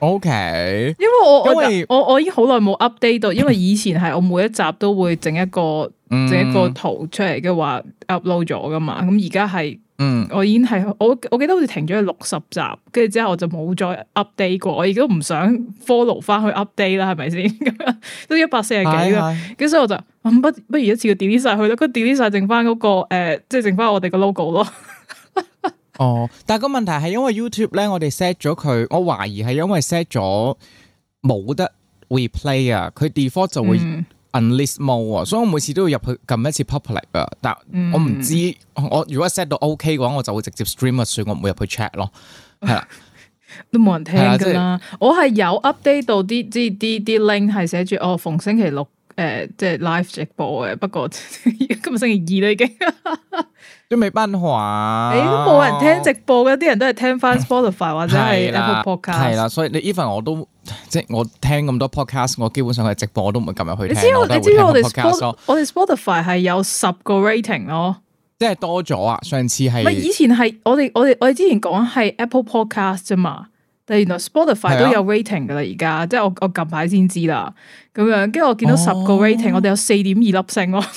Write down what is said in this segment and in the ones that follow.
O Okay , K，因為我因為我我我已好耐冇 update 到，因為以前係我每一集都會整一個整、嗯、一個圖出嚟嘅話 upload 咗㗎嘛，咁而家係，嗯，我已經係我我記得好似停咗六十集，跟住之後我就冇再 update 過，我亦都唔想 follow 翻去 update 啦，係咪先？ 都一百四十幾啦，跟是的 所以我就不不如一次要 delete 晒佢咯，佢 delete 晒剩翻嗰、那個誒，即、呃、係剩翻我哋個 logo 咯。哦，但係個問題係因為 YouTube 咧，我哋 set 咗佢，我懷疑係因為 set 咗冇得 replay 啊，佢 default 就會 unlist more 啊，嗯，所以我每次都要入去撳一次 public 啊，但我唔知，嗯、我如果 set 到 OK 嘅話，我就會直接 stream 啊，所以我唔會入去 check 咯，係啦，都冇人聽噶啦，就是，我係有 update 到啲啲啲啲 link 係寫住哦，逢星期六誒，即係 live 直播嘅，不過 今日星期二啦已經。 都冇辦法，你、欸、都冇人聽直播嘅，啲人都係聽翻 Spotify 或者係 Apple Podcast，係啦， 所以你 even 我都即係我聽咁多 Podcast，我基本上係直播我都唔會撳入去聽。你知我哋我哋 Spotify 係有十個 rating 咯，即係多咗啊！上次係咪以前係我哋我哋我哋之前講係 Apple Podcast 啫嘛，但係原來 Spotify 都有 rating 噶啦，而家即係我我，我近排先知啦，咁樣跟住我見到十個 rating、哦、我哋有四點二粒星咯。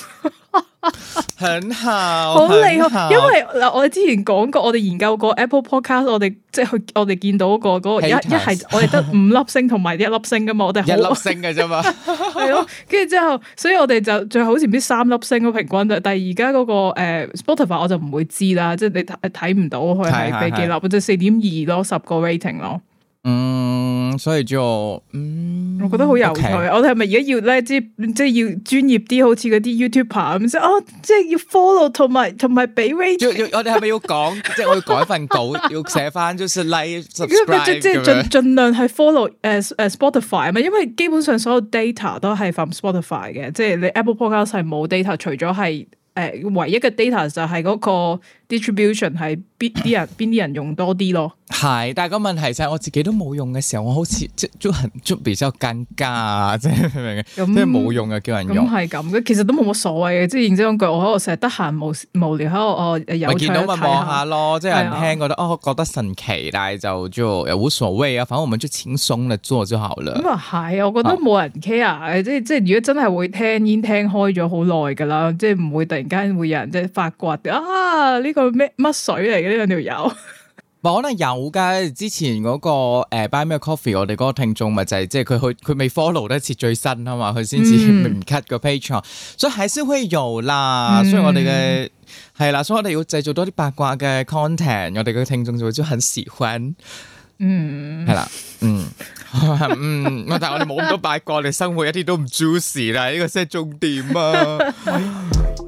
啊，響校好厲害，好因為嗱，我哋之前講過，我哋研究過 Apple Podcast，我哋即係去、那個 H ater.，我哋見到嗰個嗰個一一係，我哋得五粒星同埋一粒星噶嘛，我哋係一粒星噶啫嘛，係咯，跟住之後，所以我哋就，我就最好似唔知三粒星嘅平均，但係而家嗰個誒、呃、Spotify 我就唔會知啦，即係你睇唔到佢係幾幾粒，或者四點二咯，十個 rating 咯。嗯，所以就嗯，我覺得好有趣。Okay. 我哋係咪而家要咧，即即要專業啲，好似嗰啲 YouTuber 咁先哦？即要 follow 同埋同埋俾 rate。要要，我哋係咪要講， 即我要改份稿，要寫翻，即係 like subscribe 樣，即係 like 盡量係 follow 誒、呃、誒、呃呃、，Spotify 啊嘛，因為基本上所有 data 都係 from Spotify 嘅，即係你 Apple Podcast 係冇 data，除咗係誒，唯一嘅 data 就係嗰、嗰個。distribution 係邊啲人邊啲人用多啲咯，係，但係個問題就係我自己都冇用嘅時候，我好似即係都很都比較尷尬啊，即係明即係冇用又叫人用，係咁嘅，其實都冇乜所謂嘅，即係認真講句，我喺度成日得閒無無聊喺度哦，有見到咪望下咯，即係、就是、人聽覺得的哦覺得神奇，但係就做又冇所謂啊，反正我們最輕鬆噉做就好啦。咁啊係，我覺得冇人 care，、哦、即係即係如果真係會聽，已經聽開咗好耐㗎啦，即係唔會突然間會有人即係發掘啊呢、這個。咩乜水嚟嘅呢兩條友？可能有噶，之前嗰、那個誒、呃、Buy Me a Coffee， 我哋嗰個聽眾咪就係、是，即係佢去佢未 follow 一次最新啊嘛，佢先至唔 cut 個 page，所以還是會有、嗯、是啦。所以我哋嘅係啦，所以我哋要製造多啲八卦嘅 content，我哋嘅聽眾就會就很喜歡。嗯，係啦，嗯，嗯， 但係我哋冇咁多八卦，你生活一啲都唔 juicy 啦，呢個先係重點啊！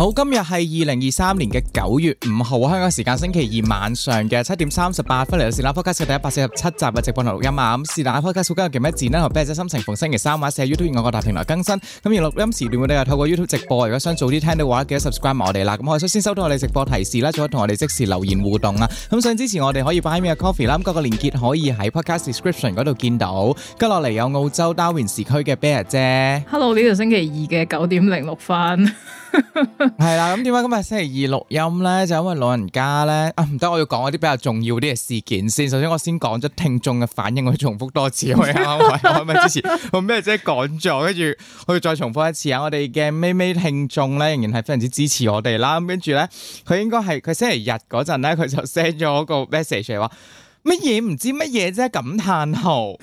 好，今日係二零二三年嘅九月五號啊，香港時間星期二晚上嘅七點三十八分，嚟到《是但 Podcast》嘅第一百四十七集嘅直播同錄音啊。咁《是但 Podcast》所有嘅咩字呢？同 Bear 姐心情逢星期三或者四喺 YouTube 各大平台更新。咁而錄音時段我哋又透過 YouTube 直播，如果想早啲聽嘅話，記得 subscribe 埋我哋啦。咁可以首先收到我哋直播提示啦，仲可以同我哋即時留言互動啊。咁想支持我哋可以 buy me a coffee 啦，咁各個連結可以喺 Podcast description 嗰度見到。跟落嚟有澳洲 Darwin 時區嘅 Bear 姐。Hello，呢度星期二嘅九點零六分。係啦，咁點解今日星期二錄音咧？就因為老人家咧，啊唔得，我要講一啲比較重要啲嘅事件先。首先，我先講咗聽眾嘅反應，我要重複多次，啱啱我係咪之前？我咩啫講咗，跟住我要再重複一次啊！我哋嘅妹妹聽眾咧，仍然係非常之支持我哋啦。咁跟住咧，佢應該係佢星期日嗰陣咧，佢就 send 咗個 message 嚟話。乜嘢唔知乜嘢啫，感嘆號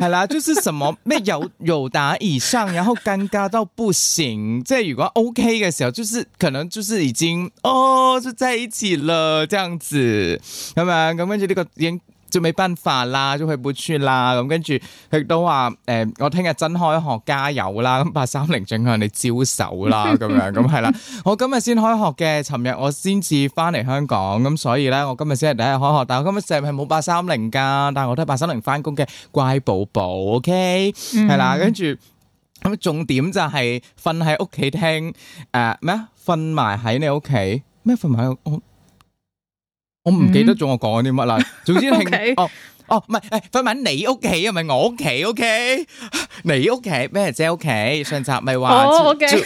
係啦，就是什麼咩友友達以上，然後尷尬到不行，即係如果 OK 嘅時候，就是可能就是已經哦就在一起了，這樣子咁樣咁，跟住呢個連。就未辦法啦，就去本村啦，咁跟住佢都話誒，我聽日真開學加油啦，咁八三零正向你招手啦，咁樣咁係啦。我今日先開學嘅，尋日我先至翻嚟香港，咁所以咧我今日先係第一日開學，但係我今日成日係冇八三零噶，但係我都係八三零翻工嘅乖寶寶，OK 係啦，跟住咁重點就係瞓喺屋企聽誒咩啊，瞓埋喺你屋企咩瞓埋喺我。我唔記得咗我講啲乜啦， 總之係 Okay. 哦。哦，唔係，誒，反正、okay? 啊，你屋企係咪我屋企？O K，你屋企咩姐屋企？Okay? 上集咪話？O K，陳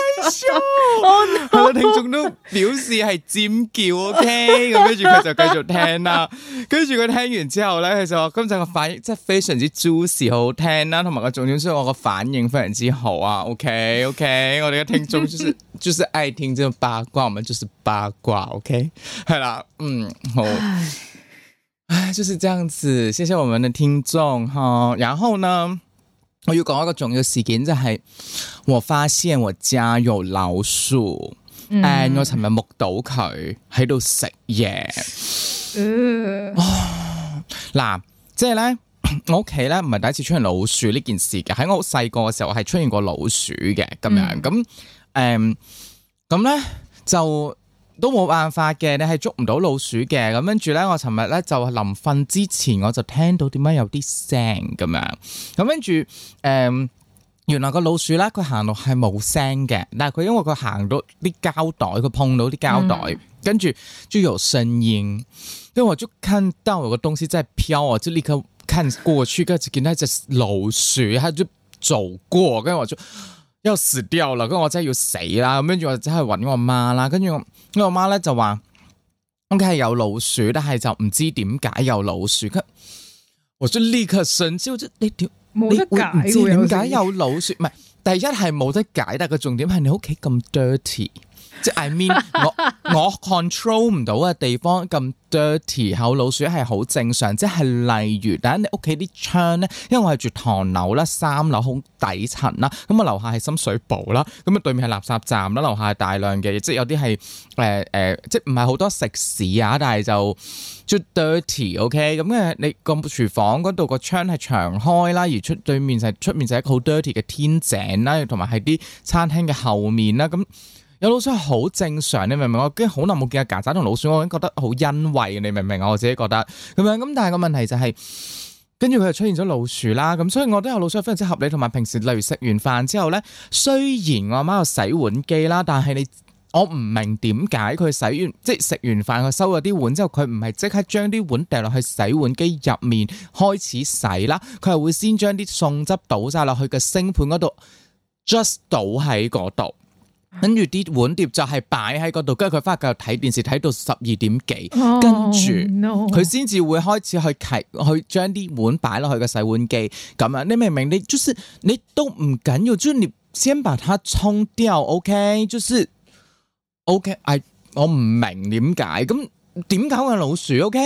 曉，好多聽眾都表示係尖叫，O K，咁跟住佢就繼續聽啦。跟住佢聽完之後咧，佢就話我今集個反應真係非常之 juicy，好好聽啦，啊。同埋個重點，即係我個反應非常之好啊。O K，O K，我哋嘅聽眾就是 就是愛聽呢個八卦，我們就是八卦。O K，係啦，嗯，好。好唉，就是這樣子，謝謝我們的聽眾哈。然後呢，我要講一個重要事件，就係、是、我發現我家有老鼠，誒、嗯，我尋日目睹佢喺度食嘢。嗱，即、yeah. 係、嗯就是、呢，我屋企呢唔係第一次出現老鼠呢件事嘅，喺我好細個嘅時候係出現過老鼠嘅咁、嗯嗯、樣咁，誒，咁呢就。都冇辦法嘅，你係捉唔到老鼠嘅。咁跟住咧，我尋日咧就臨瞓之前我就聽到點解有啲聲咁樣。咁跟住誒，原來個老鼠咧佢行路係冇聲嘅，但係佢因為佢行到啲膠袋，佢碰到啲膠袋，嗯、跟住就有聲音。咁我就看到有個東西真係飄啊，就立刻看過去，跟住就見到一隻老鼠，佢就走過，跟住我就。又死掉啦，咁我真係要死啦，咁跟住我真係搵我媽啦，跟住我，因為我媽咧就話屋企係有老鼠，但係就唔知點解有老鼠。我即係立刻順招，即係你點冇得解？點解有老鼠？唔係，第一係冇得解，但係個重點係你屋企咁 dirty。即 I mean，我我 control 唔到嘅地方咁 dirty，有老鼠係好正常。即係例如，但係你屋企啲窗咧，因為我係住唐樓啦，三樓好底層啦，咁啊，樓下係深水埗啦，咁啊，對面係垃圾站啦，樓下係大量嘅，即係有啲係誒誒，即係唔係好多食肆啊，但係就絕對 dirty，OK？Okay？咁嘅你個廚房嗰度個窗係長開啦，而出對面就係、是、出面就係一個好 dirty 嘅天井啦，同埋係啲餐廳嘅後面啦，咁。有老鼠好正常，你明唔明？我跟住好耐冇見阿曱甴同老鼠，我已經覺得好欣慰。你明唔明？我自己覺得咁樣。咁但係個問題就係、是，跟住佢就出現咗老鼠啦。咁所以我都有老鼠，非常之合理。同埋平時例如食完飯之後呢，雖然我阿媽有洗碗機啦，但係你我唔明點解佢洗完即係食完飯佢收咗啲碗之後，佢唔係即刻將啲碗掉落去洗碗機入面開始洗啦，佢係會先將啲餸汁倒晒落去嘅星盆嗰度，just 倒喺嗰度。跟住啲碗碟就係擺喺嗰度，跟住佢翻去繼續睇電視睇到十二點幾，跟住佢先至會開始去提去將啲碗擺落去個洗碗機咁啊！你明唔明？你就是你都唔緊要，即係你先把它沖掉，OK？就是 OK？I，我我唔明點解咁點搞嘅老鼠？OK？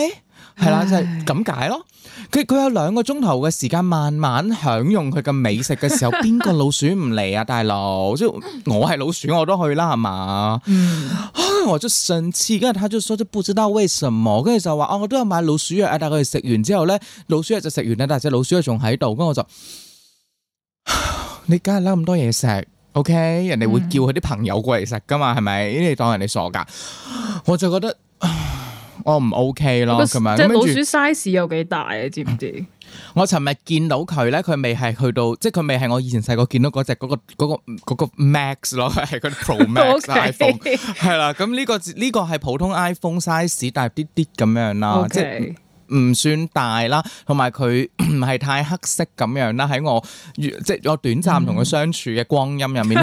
係啦，就係、是、咁解咯。佢佢有兩個鐘頭嘅時間，慢慢享用佢嘅美食嘅時候，邊個老鼠唔嚟啊？大佬，即我係老鼠，我都去啦，係嘛、嗯啊？我就上次，跟住佢就說，就不知道為什麼，跟住就話哦、啊，我都有買老鼠藥啊！但係佢哋食完之後咧，老鼠藥就食完啦，但係隻老鼠仲喺度，咁我就，你梗係拉咁多嘢食，OK？人哋會叫佢啲朋友過嚟食噶嘛？係咪？你當人哋傻噶？我就覺得。我唔 OK 咯，咁樣隻老鼠 size 有幾大啊？知唔知 ？我尋日見到佢咧，佢未係去到，即係佢未係我以前細個見到嗰隻嗰、嗰個、嗰個、嗰個嗰個嗰個 Max 咯，係個 Pro Max iPhone 係啦。咁、呢、呢個呢、呢個係普通 iPhone size，大啲啲咁樣啦，Okay. 即係唔算大啦，同埋佢唔係太黑色咁樣啦。喺我即係我短暫同佢相處嘅光陰入面。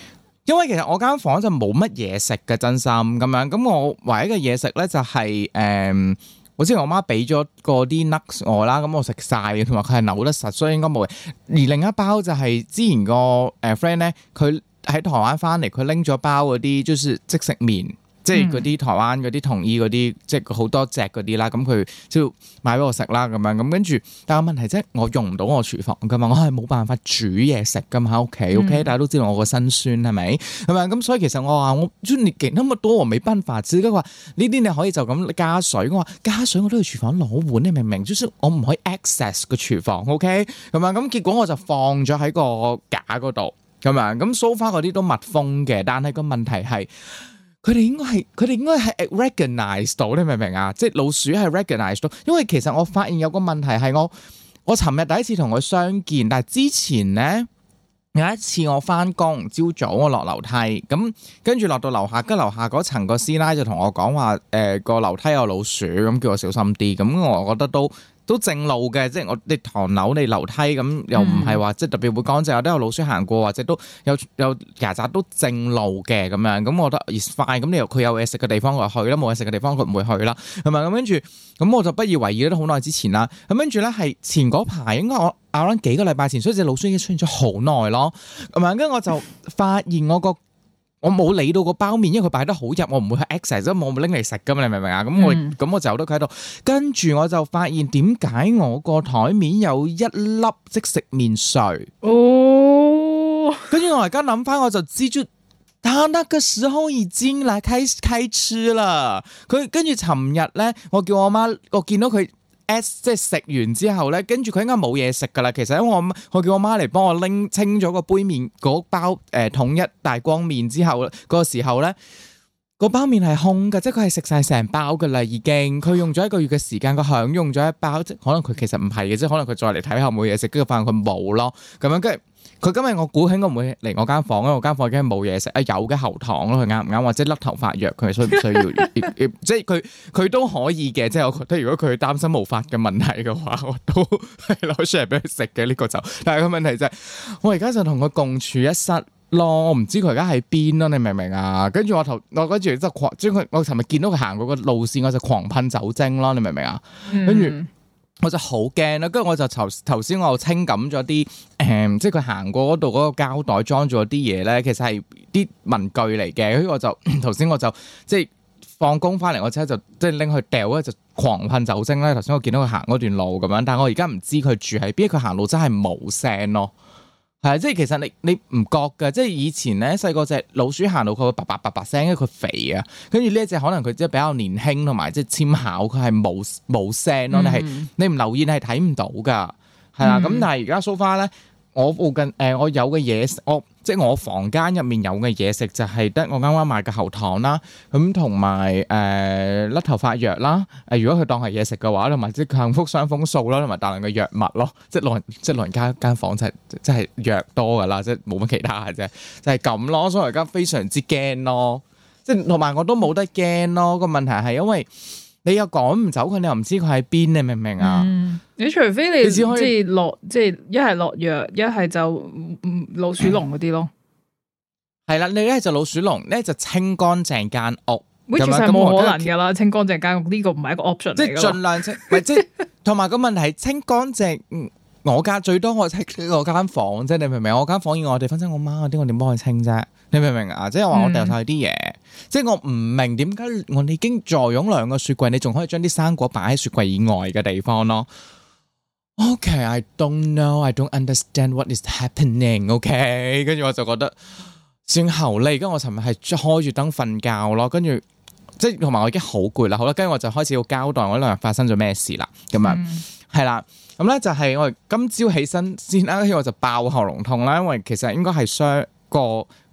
因為其實我間房就冇乜嘢食嘅真心咁樣，咁我唯一嘅嘢食咧就係、是、誒、嗯，我之前我媽俾咗嗰啲 nuts 我啦，咁我食晒嘅，同埋佢係扭得實，所以應該冇。而另一包就係之前個誒 friend 咧，佢喺台灣翻嚟，佢拎咗包嗰啲，就是即食麵。即係嗰啲台灣嗰啲同意嗰啲，嗯、即係好多隻嗰啲啦。咁佢就買俾我食啦，咁樣咁跟住。但係問題即係我用唔到我廚房噶嘛，我係冇辦法煮嘢食噶嘛喺屋企。O K.，嗯、大家都知道我個辛酸係咪係咪咁？所以其實我話我，你攰咁多，我冇辦法。之後佢話呢啲你可以就咁加水。我話加水我都去廚房攞碗，你明唔明？就算我唔可以 access 個廚房。O K. 係咪咁？結果我就放咗喺個架嗰度。咁啊咁梳化嗰啲都密封嘅，但係個問題係。佢哋應該係，佢哋應該係 recognise 到，你明唔明啊？即係老鼠係 recognise 到，因為其實我發現有個問題係我，我尋日第一次同佢相見，但係之前呢有一次我翻工，朝早我落樓梯，咁跟住落到樓下，跟樓下嗰層個師奶就同我講話，誒、呃、個樓梯有老鼠，咁叫我小心啲，咁我覺得都。都正路嘅，即係我哋唐樓你樓梯咁，又唔係話即係特別會乾淨，都有老鼠行過，或者都有有曱甴都正路嘅咁樣，咁我覺得越快咁，你又佢有嘢食嘅地方就去啦，冇嘢食嘅地方佢唔會去啦，係咪咁跟住？咁我就不以為意啦，都好耐之前啦，咁跟住咧係前嗰排，應該我我諗幾個禮拜前，所以隻老鼠已經出現咗好耐咯，係咪？跟住我就發現我個。 我冇理到個包麵，因為佢擺得好入，我唔會去 access，因為我冇拎嚟食噶嘛，你明唔明啊？咁我咁、mm. 我就喺度，跟住我就發現點解我個台面有一粒即食麵碎。哦，oh. 跟住我而家諗翻，我就知咗，但嗰個時候已經嚟開開始啦。佢跟住尋日咧，我叫我媽，我見到佢。S S, 即係食完之後咧，跟住佢應該冇嘢食噶啦。其實因為我我叫我媽嚟幫我拎清咗個杯麵嗰包誒、呃、統一大光麵之後，嗰、嗰個時候咧，嗰包麵係空嘅，即係佢係食晒成包噶啦，已經。佢用咗一個月嘅時間，佢享用咗一包，即可能佢其實唔係嘅，即係可能佢再嚟睇下冇嘢食，跟住發現佢冇咯，咁樣跟住。佢今日我估佢應該唔會嚟我間房因咯，我間房已經冇嘢食啊，有嘅喉糖咯，佢啱唔啱？或者甩頭髮藥，佢需唔需要？即係佢佢都可以嘅，即係我覺得如果佢擔心毛髮嘅問題嘅話，我都攞出嚟俾佢食嘅呢個就。但係個問題就係、是，我而家就同佢共處一室咯，我唔知佢而家喺邊咯，你明唔明啊？跟住我頭我跟住即係佢，我尋日見到佢行過個路線，我就狂噴酒精咯，你明唔明啊？跟住。嗯我就好驚啦，跟住我就頭頭先我又清揼咗啲誒，即係佢行過嗰度嗰個膠袋裝咗啲嘢咧，其實係啲文具嚟嘅，跟住我就頭先我就即係放工返嚟，我車即係就即係拎去掉咧，就狂噴酒精咧。頭先我見到佢行嗰段路咁樣，但係我而家唔知佢住喺邊，佢行路真係冇聲咯。係啊，即係其實你你唔覺嘅，即係以前咧細個隻老鼠行到佢會叭叭叭叭聲，因為佢肥啊。跟住呢一隻可能佢即係比較年輕同埋即係纖巧，佢係冇冇聲咯。你係你唔留意你，你係睇唔到噶。係啦、嗯，咁但係而家梳化咧，我附近誒、呃、我有嘅嘢我。即係我房間入面有嘅嘢食就係得我啱啱買嘅喉糖啦，咁同埋誒甩頭髮藥啦。誒如果佢當係嘢食嘅話，同埋即係幸福傷風素啦，同埋大量嘅藥物咯。即係老人即係老人家間房就係即係藥多噶啦，即係冇乜其他嘅啫，就係咁咯。所以而家非常之驚咯，即係同埋我都冇得驚咯。個問題係因為。你又趕唔走佢，你又唔知佢喺邊，你明唔明啊？你、嗯、除非你，你即係落，即係一係落藥，一係就老鼠籠嗰啲咯。係啦， 你一係就老鼠籠，一係就清乾淨間屋，咁啊，冇可能噶啦！樣清乾淨間屋呢、呢個唔係一個 option 嚟噶，盡量清，咪即係。同埋個問題清乾淨我家最多我清我間房啫，你明唔明？我間房要我哋分清我媽嗰啲，我點幫佢清啫，你明唔明啊？即係話我掉晒啲嘢。即係我唔明點解我哋已經坐擁兩個雪櫃，你仲可以將啲生果擺喺雪櫃以外嘅地方咯 o、okay, k I don't know，I don't understand what is happening。o k 跟住我就覺得先喉嚢，而家我尋日係開住燈瞓覺咯，跟住即係同埋我已經好攰啦，好啦，跟住我就開始要交代我呢兩日發生咗咩事樣、嗯、啦。咁、嗯、啊，係、就、啦、是，咁咧就係我今朝起身先啦，跟住我就爆喉嚨痛啦，因為其實應該係傷個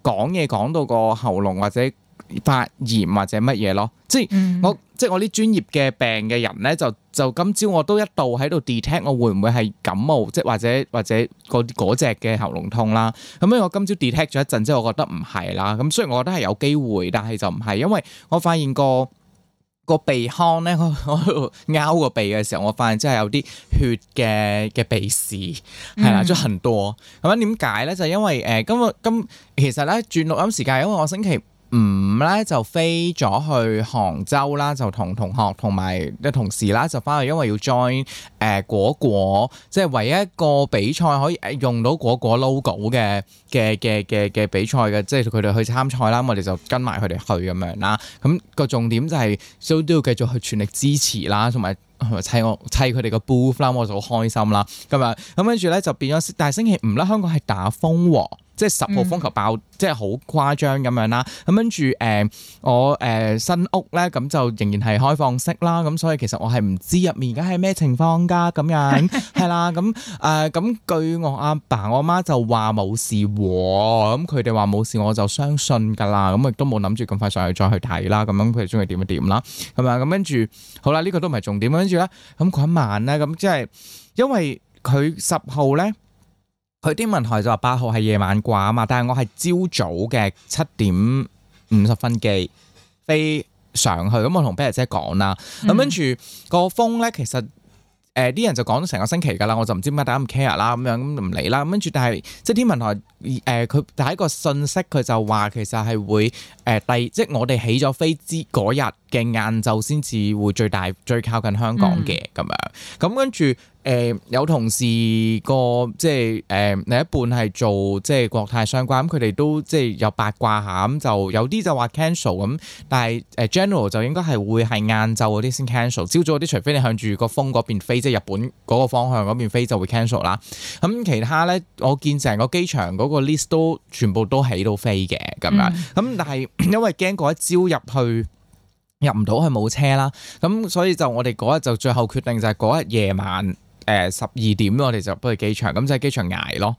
講嘢講到個喉嚨或者。發炎或者乜嘢咯，即係我即係我啲專業嘅病嘅人咧，就就今朝我都一度喺度 detect，我會唔會係感冒，即係或者或者嗰嗰隻嘅喉嚨痛啦？咁、嗯、咧，因為我今朝 detect 咗一陣，之後，我覺得唔係啦。咁雖然我覺得係有機會，但係就唔係，因為我發現個個鼻腔咧， 我我拗個鼻嘅時候，我發現真係有啲血嘅嘅鼻屎係啦，即係痕多咁樣點解咧？就係、因為誒、呃，今日今其實咧轉錄音時間，因為我星期。唔咧、嗯、就飛咗去杭州啦，就同同學同埋嘅同事啦，就翻去，因為要 join 誒、呃、果果，即、就、係、是、唯一一個比賽可以誒用到果果 logo 嘅嘅嘅嘅嘅比賽嘅，即係佢哋去參賽啦，我哋就跟埋佢哋去咁樣啦。咁、那個重點就係、是，所以都要繼續去全力支持啦，同埋砌我砌佢哋嘅 booth 啦。Booth，我就好開心啦。咁啊，咁跟住咧就變咗，但係星期五啦，香港係打風喎。即係十號風球爆，嗯、即係好誇張咁樣啦。咁跟住誒，我誒、呃、新屋咧，咁、嗯、就仍然係開放式啦。咁、嗯、所以其實我係唔知入面而家係咩情況㗎。咁樣係 啦。咁、嗯、誒，咁、呃嗯、據我阿爸，爸、我阿媽就話冇事喎。咁佢哋話冇事，我就相信㗎啦。咁亦都冇諗住咁快上去再去睇啦。咁樣佢哋中意點一點啦。係咪？咁跟住好啦，呢、呢個都唔係重點。跟住咧，咁、嗰個、一晚咧，咁即係因為佢十號咧。佢天文台就話八號係夜晚掛啊嘛，但係我係朝早嘅七點五十分機飛上去，咁我同 b i 姐講啦，咁跟住個風咧，其實誒啲、呃、人就講咗成個星期噶啦，我就唔知點解大家唔 care 啦咁樣，咁唔理啦，咁跟住，但係即係天文台誒佢第一個信息佢就話其實係會誒第、呃，即係我哋起咗飛之嗰日嘅晏晝先至會最大，最靠近香港嘅咁樣，咁、嗯、跟住。誒、呃、有同事個即係誒、呃、另一半係做即係國泰相關，咁佢哋都即係有八卦下咁，就有啲就話 cancel 咁，但係誒 general 就應該係會係晏晝嗰啲先 cancel，朝早啲除非你向住個風嗰邊飛，即係日本嗰個方向嗰邊飛就會 cancel 啦。咁、嗯、其他呢，我見成個機場嗰個 list 都全部都喺度飛嘅咁樣，咁但係、嗯、因為驚嗰一朝入去入唔到係冇車啦，咁、嗯、所以就我哋嗰日就最後決定就係嗰日夜晚。誒十二點，我哋就去機場，咁就喺機場挨咯。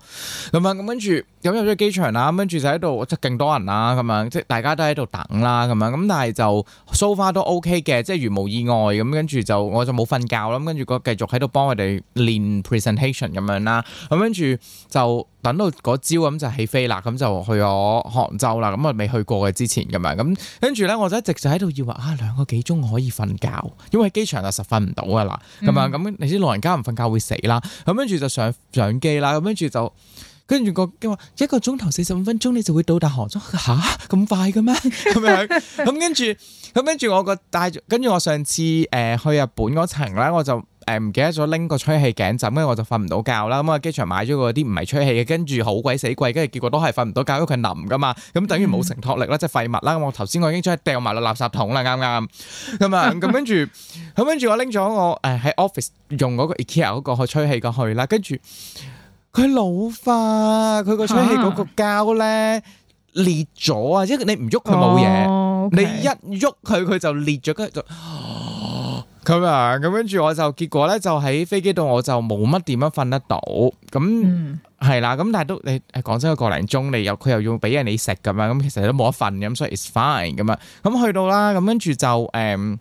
咁、嗯、啊，咁跟住咁入咗機場啦，咁跟住就喺度，即係勁多人啦。咁樣即係大家都喺度等啦。咁樣咁，但係就 so far 都 OK 嘅，即係如無意外咁。跟住就我就冇瞓覺啦。跟住個繼續喺度幫佢哋練 presentation 咁樣啦。咁跟住就等到嗰朝咁就起飛啦。咁就去咗杭州啦。咁啊未去過嘅之前咁樣。咁跟住咧，我就一直就喺度以為啊兩個幾鐘可以瞓覺，因為喺機場就實瞓唔到噶啦。咁啊咁，嗯、你知老人家唔瞓。就會死啦，咁跟住就上上機啦，咁跟住就跟住個話一個鐘頭四十五分鐘你就會到達杭州，吓、啊、咁快嘅咩？咁樣， 咁跟住，咁跟住我個帶住，跟住我上次誒去日本嗰程咧，我就。誒，唔記得咗拎個吹氣頸枕，咁我就瞓唔到覺啦。咁啊，機場買咗嗰啲唔係吹氣嘅，跟住好鬼死貴，跟住結果都係瞓唔到覺，因為佢腍㗎嘛，咁等於冇承托力啦， 即係廢物啦。咁我頭先我已經將佢掉埋落垃圾桶啦，啱啱？咁啊，咁跟住，咁跟住我拎咗我誒喺 office 用嗰個 IKEA 嗰個去吹氣過去啦，跟住佢老化，佢個吹氣嗰個膠咧裂咗啊！即係你唔喐佢冇嘢，哦 okay. 你一喐佢佢就裂咗，跟住就。咁啊，咁跟住我就，結果咧就喺飛機度我就冇乜點樣瞓得到，咁係啦，咁、嗯嗯、但係都你誒講真個，個零鐘你又佢又要俾人你食咁樣，咁其實都冇得瞓咁，所以 it's fine 咁、嗯、啊，咁去到啦，咁跟住就誒，咁、嗯、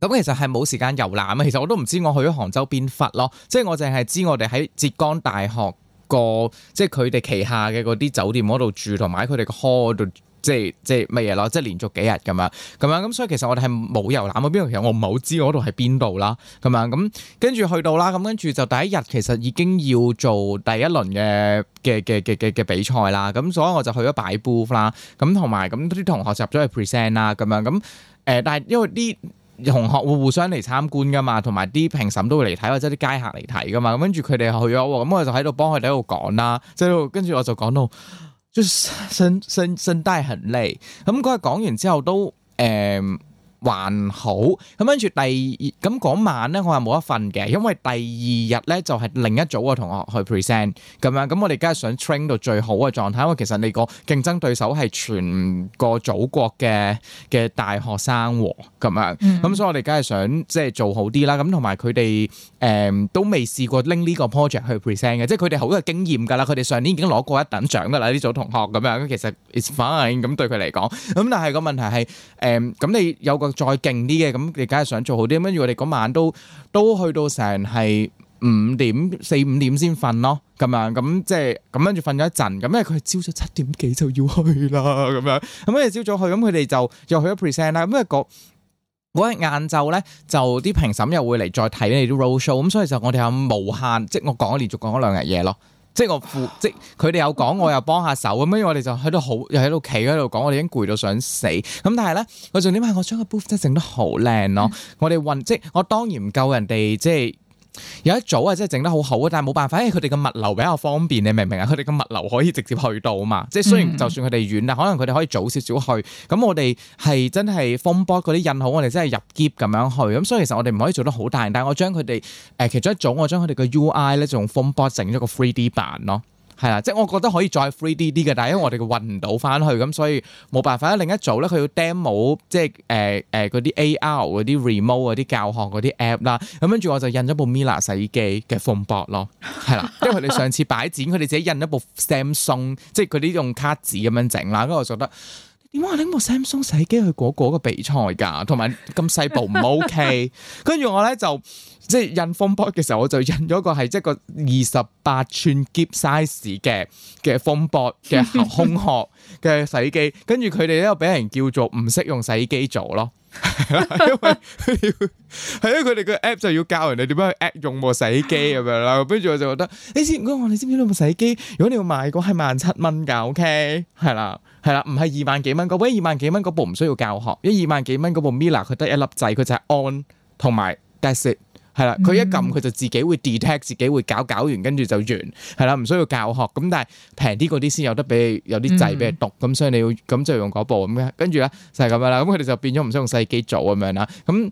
其實係冇時間遊覽啊，其實我都唔知我去咗杭州邊忽咯，即係我淨係知我哋喺浙江大學個即係佢哋旗下嘅嗰啲酒店嗰度住同埋佢哋個 hall 度。即係即係乜嘢咯？即係連續幾日咁樣咁樣咁，所以其實我哋係冇遊覽到邊度，其實我唔係好知嗰度係邊度啦。咁樣咁跟住去到啦，咁跟住就第一日其實已經要做第一輪嘅嘅嘅嘅嘅嘅比賽啦。咁所以我就去咗擺 booth 啦。咁同埋咁啲同學入咗去 present 啦。咁樣咁誒，但係因為啲同學會互相嚟參觀噶嘛，同埋啲評審都會嚟睇或者啲街客嚟睇噶嘛。咁跟住佢哋去咗，咁我就喺度幫佢哋喺度講啦。即係跟住我就講到，就聲聲聲帶很累，咁佢講完之後都誒、呃。還好咁跟住第二咁晚咧，我係冇得瞓嘅，因為第二日咧就係、是、另一組嘅同學去 present 咁樣，咁我哋梗係想 train 到最好嘅狀態，因為其實你個競爭對手係全個祖國嘅嘅大學生喎，咁樣咁、嗯嗯、所以我哋梗係想即係做好啲啦，咁同埋佢哋誒都未試過拎呢個 project 去 present 嘅，即係佢哋好有經驗㗎啦，佢哋上年已經攞過一等獎㗎啦，呢組同學咁樣，其實 it's fine 咁對佢嚟講，咁但係個問題係誒咁你有個。再勁啲嘅，咁你梗係想做好啲。咁跟住我哋嗰晚都都去到成係五點四五點先瞓咯，咁樣咁即係咁跟住瞓咗一陣。咁因為佢係朝早七點幾就要去啦，咁樣咁跟住朝早去，咁佢哋就又去咗 present 啦。咁因為嗰嗰日晏晝咧，就啲評審又會嚟再睇你啲 roadshow，咁所以就我哋有無限，即係我講連續講咗兩日嘢咯。即係我負，即係佢哋有講，我又幫下手咁樣， 我哋就喺度好，又喺度企喺度講，我哋已經攰到想死。咁但係咧，我重點係我將個 booth 即係整得好靚咯。嗯、我哋運即係我當然唔夠人哋即係。有一組啊，即係整得好好啊，但係冇辦法，因為佢哋嘅物流比較方便，你明唔明啊？佢哋嘅物流可以直接去到啊嘛，即係雖然就算佢哋遠啦，可能佢哋可以早少少去。咁我哋係真係 foam board 嗰啲印好，我哋真係入喼咁樣去。咁所以其實我哋唔可以做得好大，但係我將佢哋誒其中一組，我將佢哋嘅 UI 咧就用 foam board 整咗個 3D 版咯。係啦，即係我覺得可以再 free 啲啲嘅，但係因為我哋嘅運唔到翻去，咁所以冇辦法啦。另一組咧，佢要 demo，即係誒誒嗰啲 AR 嗰啲 remote 嗰啲教學嗰啲 app 啦。咁跟住我就印咗部 Mila 洗衣機嘅 form board 咯，係啦， 因為佢哋上次擺展，佢哋自己印一部 Samsung，即係佢啲用卡紙咁樣整啦。咁我覺得。點解我拎部 Samsung 洗機去果果個比賽噶？同埋咁細部唔 OK。 跟住我咧就即、是、係印 foam board 嘅時候，我就印咗個係即係個二十八寸 g i g size 嘅嘅 foam board 嘅空殼嘅洗機。跟住佢哋咧就俾人叫做唔識用洗機做咯， 因為要係啊！佢哋個 app 就要教人哋點樣去 a t 用部洗機咁樣啦。跟住 我就覺得，你知唔？我話你知唔知呢部洗機？如果你要買個係萬七蚊噶，OK，係啦。係啦，唔係二萬幾蚊嗰部，喂，二萬幾蚊嗰部唔需要教學，因為二萬幾蚊嗰部 Miller 佢得一粒掣，佢就係 on 同埋 that's it，係啦，佢、嗯、一撳佢就自己會 detect，自己會搞搞完，跟住就完，係啦，唔需要教學。咁但係平啲嗰啲先有得俾你有啲掣俾你讀，咁、嗯、所以你要咁就用嗰部咁跟住咧就係、是、咁樣啦。咁佢哋就變咗唔使用細機做咁樣啦，咁。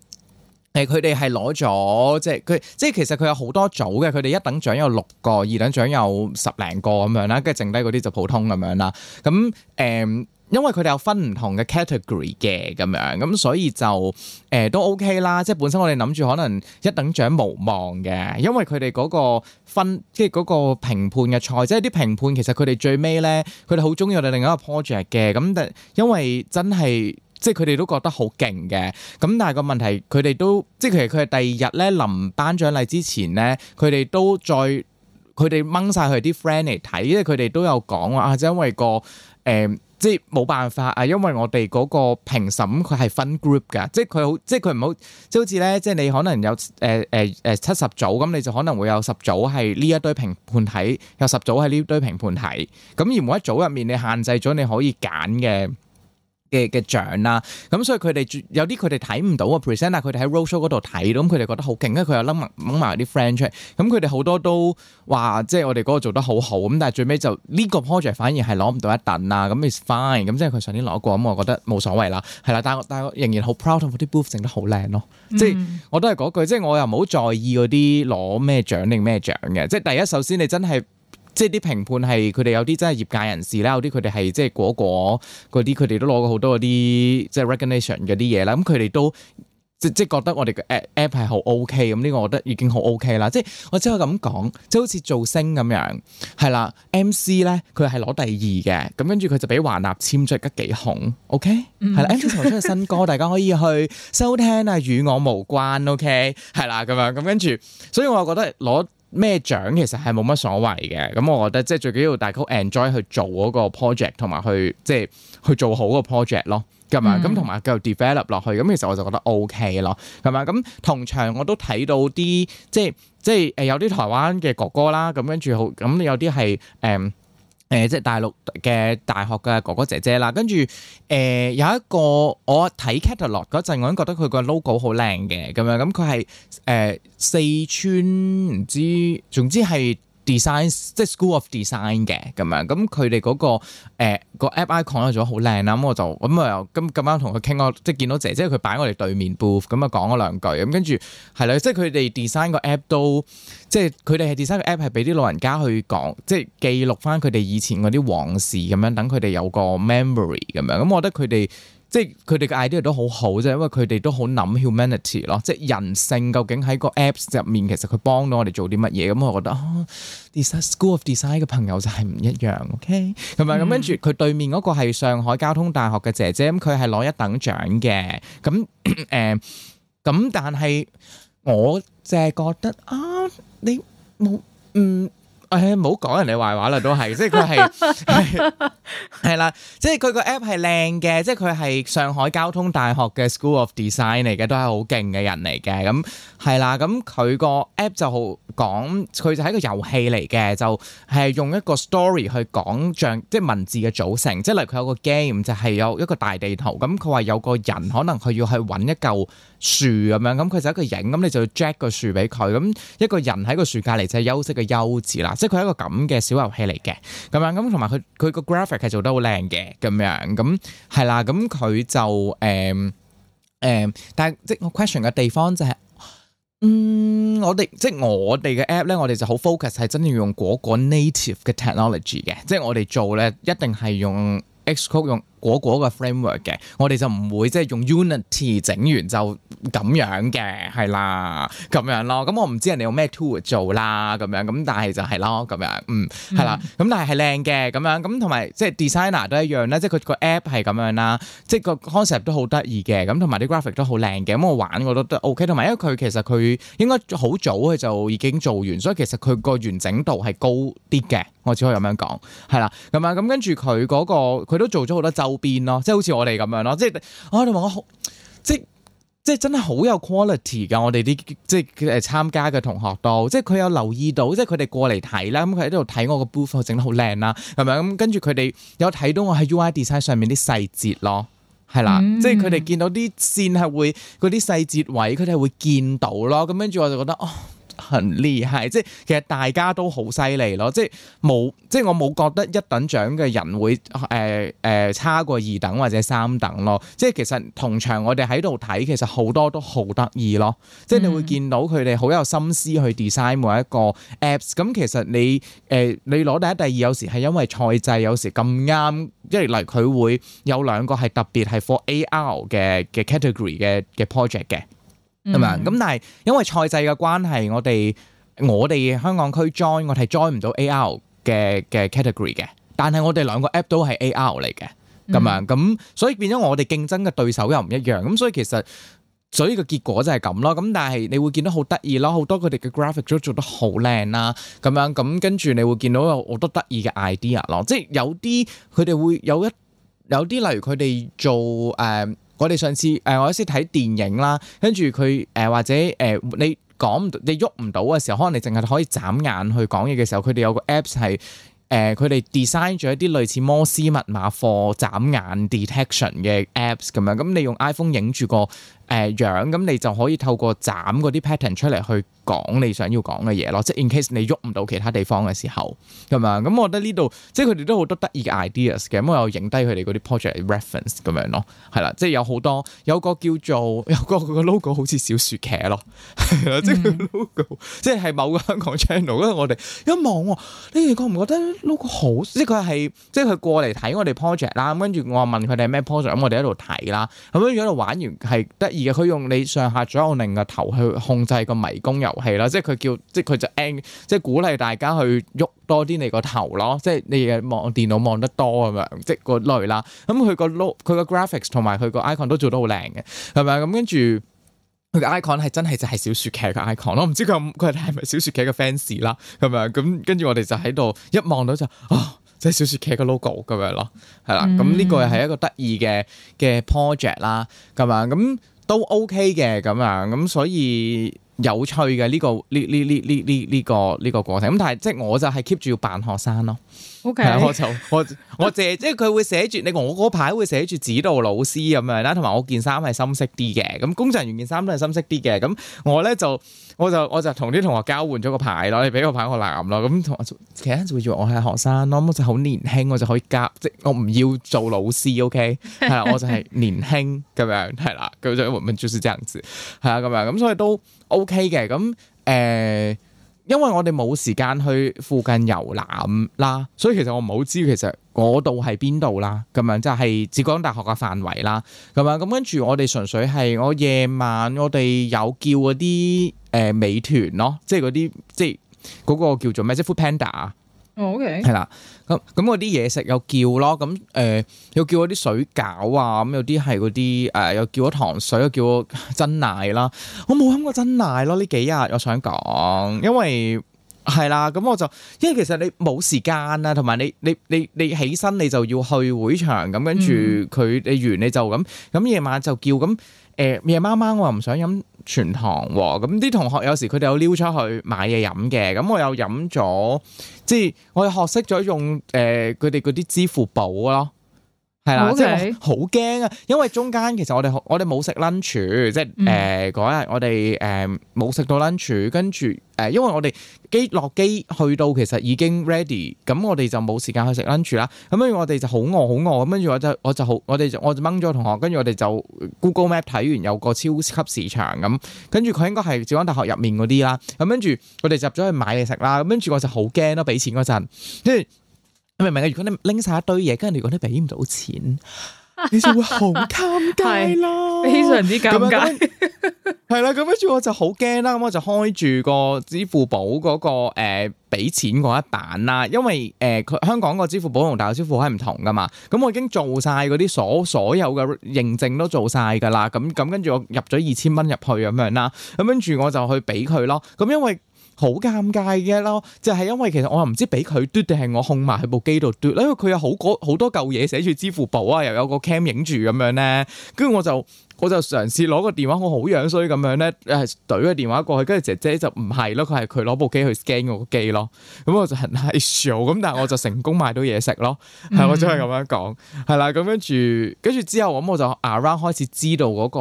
誒，佢哋係攞咗，即係佢，即係其實佢有好多組嘅，佢哋一等獎有六個，二等獎有十零個咁樣啦，跟住剩低嗰啲就普通咁樣啦。咁、嗯、誒，因為佢哋有分唔同嘅 category 嘅咁樣，咁所以就誒、嗯、都 OK 啦。即係本身我哋諗住可能一等獎無望嘅，因為佢哋嗰個分，即係個評判嘅賽，即係啲評判其實佢哋最尾咧，佢哋好中意我哋另一個 project 嘅。咁但因為真係。即係佢哋都覺得好勁嘅，咁但係個問題，佢哋都即係其實佢係第二日咧臨頒獎禮之前咧，佢哋都再佢哋掹晒佢啲 friend 嚟睇，因為佢哋都有講話啊，就因為個誒、呃、即係冇辦法啊，因為我哋嗰個評審佢係分 group 㗎，即係佢好即係佢唔好即係好似咧，即係你可能有誒誒誒七十組咁，你就可能會有十組係呢一堆評判睇，有十組喺呢堆評判睇，咁而每一組入面你限制咗你可以揀嘅。嘅嘅獎啦，咁、嗯、所以佢哋有啲佢哋睇唔到啊 presenter 佢哋喺 roadshow 嗰度睇到，咁佢哋覺得好勁，咁佢又擸埋啲 friend 出嚟，咁佢哋好多都話即係我哋嗰個做得好好，咁但係最尾就呢、呢個 project 反而係攞唔到一等啊，咁 it's fine，咁即係佢上年攞過，咁、嗯、我覺得冇所謂啦，係啦，但係我，我仍然好 proud of 啲 booth 整得好靚咯，即係、嗯、我都係嗰句，即係我又冇在意嗰啲攞咩獎定咩獎嘅，即係第一首先你真係。即係啲評判係佢哋有啲真係業界人士啦，有啲佢哋係即係果果嗰啲，佢哋都攞過好多嗰啲即係 recognition 嗰啲嘢啦。咁佢哋都即即覺得我哋嘅 app 係好 OK，咁呢個我覺得已經好 OK 啦。即係我只可以咁講，即係好似造星咁樣係啦。MC 咧佢係攞第二嘅，咁跟住佢就俾華納簽咗，而家幾紅 OK？係、嗯、啦 ，MC 同出嘅新歌大家可以去收聽啊，與我無關 OK？係啦，咁樣咁跟住，所以我又覺得攞。咩獎其實係冇乜所謂嘅，咁我覺得即係最緊要大家好 enjoy 去做嗰個 project 同埋去即係去做好個 project 咯，咁啊，咁同埋繼續 develop 落去，咁其實我就覺得 OK 咯，係咪？咁同場我都睇到啲即係即係誒有啲台灣嘅哥哥啦，咁跟住好咁有啲係誒。誒，即係、呃、就是、大陸嘅大學嘅哥哥姐姐啦，跟住誒、呃、有一個我睇 catalog 嗰陣，我都覺得佢個 logo 好靚嘅，咁樣咁佢係誒四川唔知，總之係。design 即係 school of design 嘅咁樣，咁佢哋嗰個誒、呃、app icon 咧做得好靚啦，咁我就咁啊，咁啱同佢傾啊，即係見到姐姐佢擺我哋對面 booth，咁啊講咗兩句，咁跟住係啦，即係佢哋 design 個 app 都即係佢哋係 design 個 app 係俾啲老人家去講，即係記錄翻佢哋以前嗰啲往事咁樣，等佢哋有個 memory 咁樣，咁我覺得佢哋。即係佢哋嘅 idea 都好好啫，因為佢哋都好諗 humanity 咯，即係人性究竟喺個 apps 入面，其實佢幫到我哋做啲乜嘢？咁我覺得啊 school of design 嘅朋友就係唔一樣，OK？咁啊、嗯，咁跟住佢對面嗰個係上海交通大學嘅姐姐，咁佢係攞一等獎嘅，咁、嗯、誒，咁、 呃、但係我就係覺得啊，你冇嗯。誒，唔好講人哋壞話啦，都係，即係佢係係啦，即係佢個 app 係靚嘅，即係佢係上海交通大學嘅 School of Design 嚟嘅，都係好勁嘅人嚟嘅，咁係啦，咁佢個 app 就好講，佢就係一個遊戲嚟嘅，就係、是、用一個 story 去講像即係文字嘅組成，即係例如佢有個 game 就係有一個大地圖，咁佢話有個人可能佢要去搵一嚿。樹咁樣，咁佢就一個影，咁你就 Jack 個樹俾佢，咁一個人喺個樹隔離就休息嘅休字啦，即係佢係一個咁嘅小遊戲嚟嘅，咁樣咁同埋佢佢個 graphic 係做得好靚嘅，咁樣咁係啦，咁佢就誒誒、呃呃，但係即我 question 嘅地方就係、是，嗯，我哋即係我哋嘅 app 咧，我哋就好 focus 係真正用嗰個 native 嘅 technology 嘅，即係我哋做咧一定係用 Xcode 用。果個 framework 嘅，我哋就唔會即係用 Unity 整完就咁樣嘅，係啦，咁樣咯。咁我唔知人哋用咩 tool 做啦，咁樣，咁，但係就係咯，咁樣，嗯，係啦。咁但係係靚嘅，咁樣，咁同埋即係 designer 都一樣啦，即係佢個 app 係咁樣啦，即係個 concept 都好得意嘅，咁同埋啲 graphic 都好靚嘅，咁我玩我覺得都 OK。同埋因為佢其實佢應該好早佢就已經做完，所以其實佢個完整度係高啲嘅，我只可以咁樣講，係啦，咁樣，咁跟住佢、嗰個佢都做咗好多周。邊咯，即係好似我哋咁樣咯，即係我你話我好，即係即係真係好有 quality 噶，我哋啲即係參加嘅同學都，即係佢有留意到，即係佢哋過嚟睇啦，咁佢喺度睇我個 booth 整得好靚啦，係咪咁？跟住佢哋有睇到我喺 UI design 上面啲細節咯，係啦，嗯、即係佢哋見到啲線係會嗰啲細節位，佢哋係會見到咯，咁跟住我就覺得哦。很厲，很厲害，即係其實大家都好犀利咯，即係冇，即係我冇覺得一等獎嘅人會誒誒、呃呃、差過二等或者三等咯，即係其實同場我哋喺度睇，其實好多都好得意咯，即係你會見到佢哋好有心思去 design 每一個 apps，咁、嗯、其實你誒、呃、你攞第一第二有時係因為賽制，有時咁啱，即係例佢會有兩個係特別係 for AR 嘅嘅 category 嘅嘅 project 嘅。係咪咁，但係因為賽制嘅關係，我哋我哋香港區 join 我係 join 唔到 AR 嘅嘅 category 嘅，但係我哋兩個 app 都係 AR 嚟嘅，咁、mm hmm. 樣咁，所以變咗我哋競爭嘅對手又唔一樣，咁所以其實所以個結果就係咁咯。咁但係你會見到好得意咯，好多佢哋嘅 graphic 都做得好靚啦，咁樣咁跟住你會見到有好多得意嘅 idea 咯，即係有啲佢哋會有一有啲例如佢哋做誒。Uh, 我哋上次誒、呃，我有時睇電影啦，跟住佢誒或者誒、呃，你講唔到你喐唔到嘅時候，可能你淨係可以眨眼去講嘢嘅時候，佢哋有個 apps 係誒，佢哋 design 咗一啲類似摩斯密碼 for 眨眼 detection 嘅 apps 咁樣，咁你用 iPhone 影住個誒、呃、樣，咁你就可以透過眨嗰啲 pattern 出嚟去。講你想要講嘅嘢咯，即係 in case 你喐唔到其他地方嘅時候，咁啊，咁、嗯嗯嗯嗯、我覺得呢度即係佢哋都好多得意嘅 ideas 嘅，咁我又影低佢哋嗰啲 project reference 咁樣咯，係、嗯、啦，即係有好多有個叫做有個個 logo 好似小雪茄咯，即係 logo，即係係某個香港 channel，因為我哋一望你哋覺唔覺得 logo 好，即係佢係即係佢過嚟睇我哋 project 啦，咁跟住我話問佢哋咩 project，咁我哋喺度睇啦，咁樣喺度玩完係得意嘅。佢用你上下左右擰個頭去控制個迷宮遊戲啦，即係佢叫，即係佢就 enc，即係鼓勵大家去喐多啲你個頭咯，即係你嘢望電腦望得多咁樣，即係個類啦。咁佢個 logo，佢個 graphics 同埋佢個 icon 都做得好靚嘅，係咪啊？咁跟住佢個 icon 係真係就係小薯茄嘅 icon 咯。唔知佢佢係咪小薯茄嘅 fans 啦，係咪啊？咁跟住我哋就喺度一望到就啊，即係小薯茄嘅 logo 咁樣咯，係啦。咁呢個又係一個得意嘅嘅 project 啦，係嘛？咁都 OK 嘅咁樣，咁所以。有趣嘅呢個呢呢呢呢呢個呢、呢個呢個呢個呢個過程咁，但係即係我就係 keep 住要扮學生咯。O Okay . K，我就我就我借， 即係佢會寫住你我嗰牌會寫住指導老師咁樣啦，同埋我件衫係深色啲嘅，咁工作人員件衫都係深色啲嘅，咁我咧就我就我就同啲同學交換咗個牌咯，你俾個牌我男咯，咁同學其他人就會以為我係學生咯，咁我就好年輕，我就可以教，即、就是、我唔要做老師，O K，係我就係年輕咁樣，係啦，咁就唔係做是這樣子，係啊，咁樣，咁所以都 O K 嘅，咁誒。欸。因為我哋冇時間去附近遊覽啦，所以其實我唔好知其實嗰度係邊度啦，咁樣就係、是、浙江大學嘅範圍啦，咁樣咁跟住我哋純粹係我夜晚我哋有叫嗰啲誒美團咯，即係嗰啲即係嗰個叫做咩，即係 Food Panda，哦、oh，ok，係啦。咁我啲嘢食又叫咯，咁誒、呃、又叫嗰啲水餃啊，咁有啲係嗰啲誒又叫咗糖水，又叫咗珍奶啦、啊。我冇飲過珍奶咯，呢幾日我想講，因為係啦，咁我就因為其實你冇時間啦、啊，同埋你你你你起身你就要去會場咁，跟住佢你完你就咁咁夜晚就叫咁誒夜晚晚我又唔想飲。全行喎，咁啲同學有時佢哋有溜出去買嘢飲嘅，咁我又飲咗，即係我又學識咗用誒佢哋嗰啲支付寶咯。係啦，好驚 Okay. 啊！因為中間其實我哋我哋冇食 lunch，即係誒嗰日我哋誒冇食到 lunch，跟住誒因為我哋機落機去到其實已經 ready，咁我哋就冇時間去食 lunch 啦。咁跟住我哋就好餓好餓，咁跟住我就我就好我哋就我就掹咗同學，跟住我哋就 Google Map 睇完有個超級市場咁，跟住佢應該係浙江大學入面嗰啲啦。咁跟住我哋入咗去買嘢食啦。咁跟住我就好驚咯，俾錢嗰陣。明唔明？如果你拎晒一堆嘢，跟住如果你俾唔到錢，你就會好尷尬啦， 是 非常之尷尬。係 啦， 咁跟住我就好驚啦，咁我就開住個支付寶嗰、那個誒俾、呃、錢嗰一檔啦，因為誒佢、呃、香港個支付寶同大陸支付寶係唔同噶嘛。咁我已經做晒嗰啲所所有嘅認證都做晒噶啦。咁咁跟住我入咗二千蚊入去咁樣啦。咁跟住我就去俾佢咯。咁因為好尷尬嘅咯，就係，是，因為其實我又唔知俾佢嘟定係我控埋喺部機度嘟。因為佢有好好多嚿嘢寫住支付寶啊，又有個 cam 影住咁樣咧，跟住我就我就嘗試攞個電話，我好樣衰咁樣咧，誒懟個電話過去，跟住姐姐就唔係咯，佢係佢攞部機去 scan 個機咯，咁我就係 show 咁，但係我就成功買到嘢食咯，係我真係咁樣講，係啦，咁跟住跟住之後咁我就 around 開始知道嗰、那個、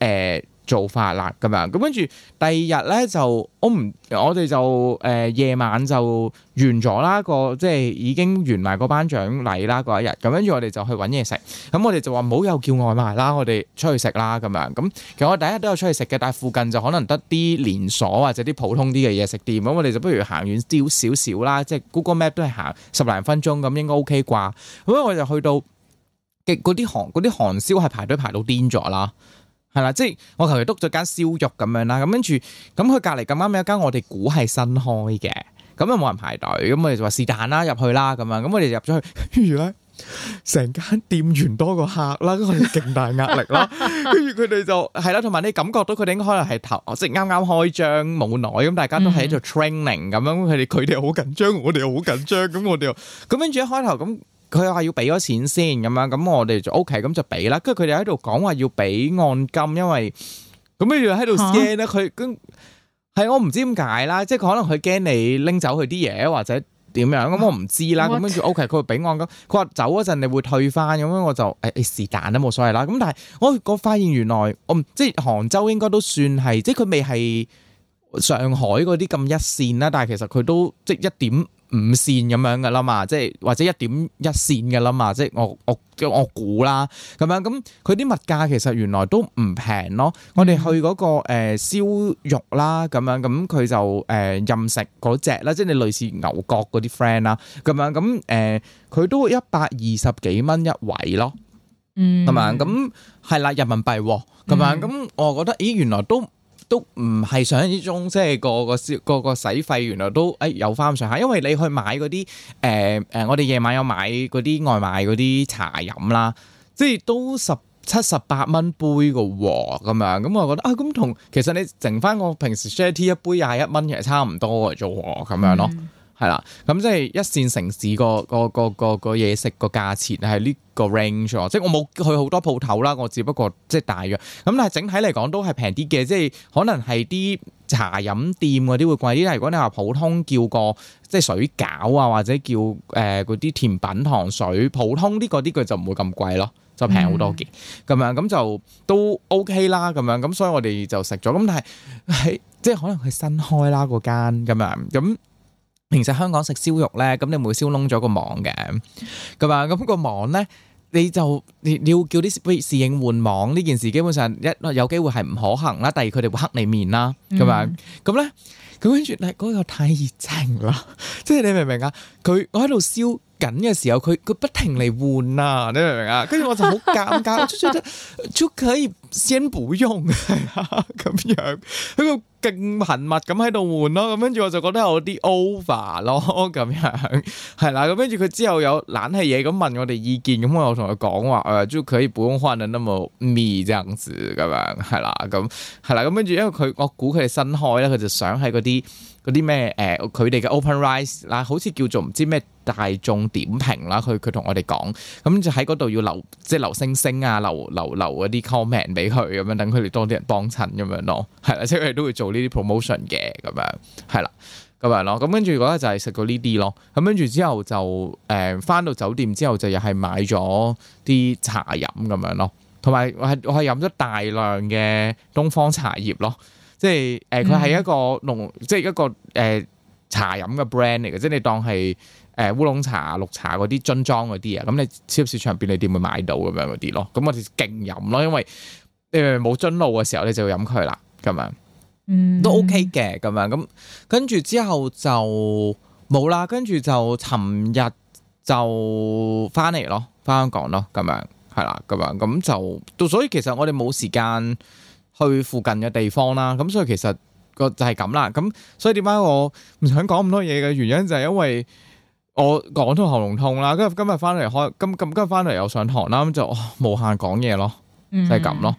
呃做法啦咁樣，咁跟住第二日咧就我唔我哋就誒夜晚就完咗啦，個即係已經完埋個頒獎禮啦，嗰一日，咁跟住我哋就去搵嘢食，咁我哋就話冇有叫外賣啦，我哋出去食啦咁樣，咁其實我第一日都有出去食嘅，但係附近就可能得啲連鎖或者啲普通啲嘅嘢食店，咁我哋就不如行遠少少啦，即係 Google Map 都係行十零分鐘，咁應該 OK 啩，咁我就去到嘅嗰啲韓啲韓燒係排隊排到癲咗啦。係啦，即係我求其篤咗間燒肉咁樣啦，咁跟住咁佢隔離咁啱有一間我哋估係新開嘅，咁又冇人排隊，咁我哋就話是但啦，入去啦咁樣，咁我哋入咗去，跟住咧成間店員多過客啦，咁我哋勁大壓力啦，跟住佢哋就係啦，同埋你感覺到佢哋應該可能係頭即係啱啱開張冇耐，咁大家都係喺度 training 咁樣，佢哋佢哋好緊張，我哋又好緊張，咁我哋又咁跟住一開頭咁。佢話要俾咗錢先咁樣，咁我哋就 O K，咁就俾啦。跟住佢哋喺度講話要俾按金，因為咁樣又喺度驚啦。佢跟係我唔知點解啦，即係佢可能佢驚你拎走佢啲嘢或者點樣，咁我唔知啦。咁跟住 O K，佢會俾按金。佢話走嗰陣你會退翻，咁樣我就誒是但都冇所謂啦。咁但係我我發現原來我唔即係杭州應該都算係即係佢未係上海嗰啲咁一線啦，但係其實佢都即一點。五線咁樣噶啦嘛，即係或者一點一線噶啦嘛，即係我我我估啦咁樣咁，佢啲物價其實原來都唔平咯。嗯、我哋去嗰、嗰個誒、呃、燒肉啦咁樣，咁佢就誒、呃、任食嗰隻啦，即係你類似牛角嗰啲 friend 啦咁樣咁誒，佢、呃、都一百二十幾蚊一位咯，係嘛，咁係啦，人民幣喎，係嘛，咁我覺得咦原來都～都唔係想像之中，即係個個消個個使費原來都誒、欸、有翻上下，因為你去買嗰啲誒誒，我哋夜晚有買嗰啲外賣嗰啲茶飲啦，即係都十七十八蚊杯嘅喎咁樣，咁我覺得啊，咁同其實你剩翻我平時 share t 一杯廿一蚊，其實差唔多嘅啫喎，咁樣咯。係啦，咁即係一線城市個個個個個嘢食個價錢係呢個 range，即係我冇去好多鋪頭啦，我只不過即係大約。咁但係整體嚟講都係平啲嘅，即係可能係啲茶飲店嗰啲會貴啲。如果你話普通叫個即係水餃啊，或者叫誒嗰啲甜品糖水，普通啲嗰啲佢就唔會咁貴咯，就平好多嘅咁樣，咁就都 OK 啦咁樣。咁所以我哋就食咗。咁但係喺即係可能係新開啦嗰間咁樣咁。平時香港食燒肉咧，咁你唔會燒窿咗個網嘅，咁啊，咁個網咧，你就你要叫啲侍應換網呢件事，基本上一有機會係唔可行啦。第二，佢哋會黑你面啦，咁啊、嗯，咁咧，咁跟住咧，嗰個太熱情啦，即係你明唔明啊？佢我喺度燒緊嘅時候，佢佢不停嚟換啊，你明唔明啊？跟住我就好尷尬，就 覺得就可以先唔用，係 啊，咁樣佢。更頻密咁喺度換咯，咁跟住我就覺得有啲 over 咯，咁樣係啦，咁跟住佢之後有冷氣嘢咁問我哋意見，咁我又同佢講話誒，就佢可以不用可能那麼密，這樣子咁樣係啦，咁係啦，咁跟住因為佢我估佢哋新開咧，佢就想喺嗰啲。嗰啲咩誒佢哋嘅、呃、OpenRice 啦、啊，好似叫做唔知咩大眾點評啦，佢佢同我哋講，咁就喺嗰度要留即係留星星啊，留留留嗰啲 comment 俾佢咁樣，等佢哋多啲人幫襯咁樣咯，係啦、啊，即係佢哋都會做呢啲 promotion 嘅咁樣，係啦咁樣咯。咁跟住嗰日就係食過呢啲咯。咁跟住之後就誒翻、呃、到酒店之後就又係買咗啲茶飲咁樣咯，同埋我係我係飲咗大量嘅東方茶葉咯。即係誒，佢、呃、係一個農，即係一個誒、呃、茶飲嘅 brand 嚟嘅，即係你當係誒烏龍茶、綠茶嗰啲樽裝嗰啲啊，咁你超市，市場便利店會買到咁樣嗰啲咯。咁我哋勁飲咯，因為誒冇樽露嘅時候，你就要飲佢啦，咁樣，嗯，都 OK 嘅，咁樣咁，跟住之後就冇啦，跟住就尋日就翻嚟咯，翻香港咯，咁樣係啦，咁樣咁就，所以其實我哋冇時間。去附近嘅地方啦，咁所以其實個就係咁啦，咁所以點解我唔想講咁多嘢嘅原因就係因為我講到喉嚨痛啦，跟住今日翻嚟開，咁咁今日翻嚟又上堂啦，咁就無限講嘢咯，就係、是、咁咯，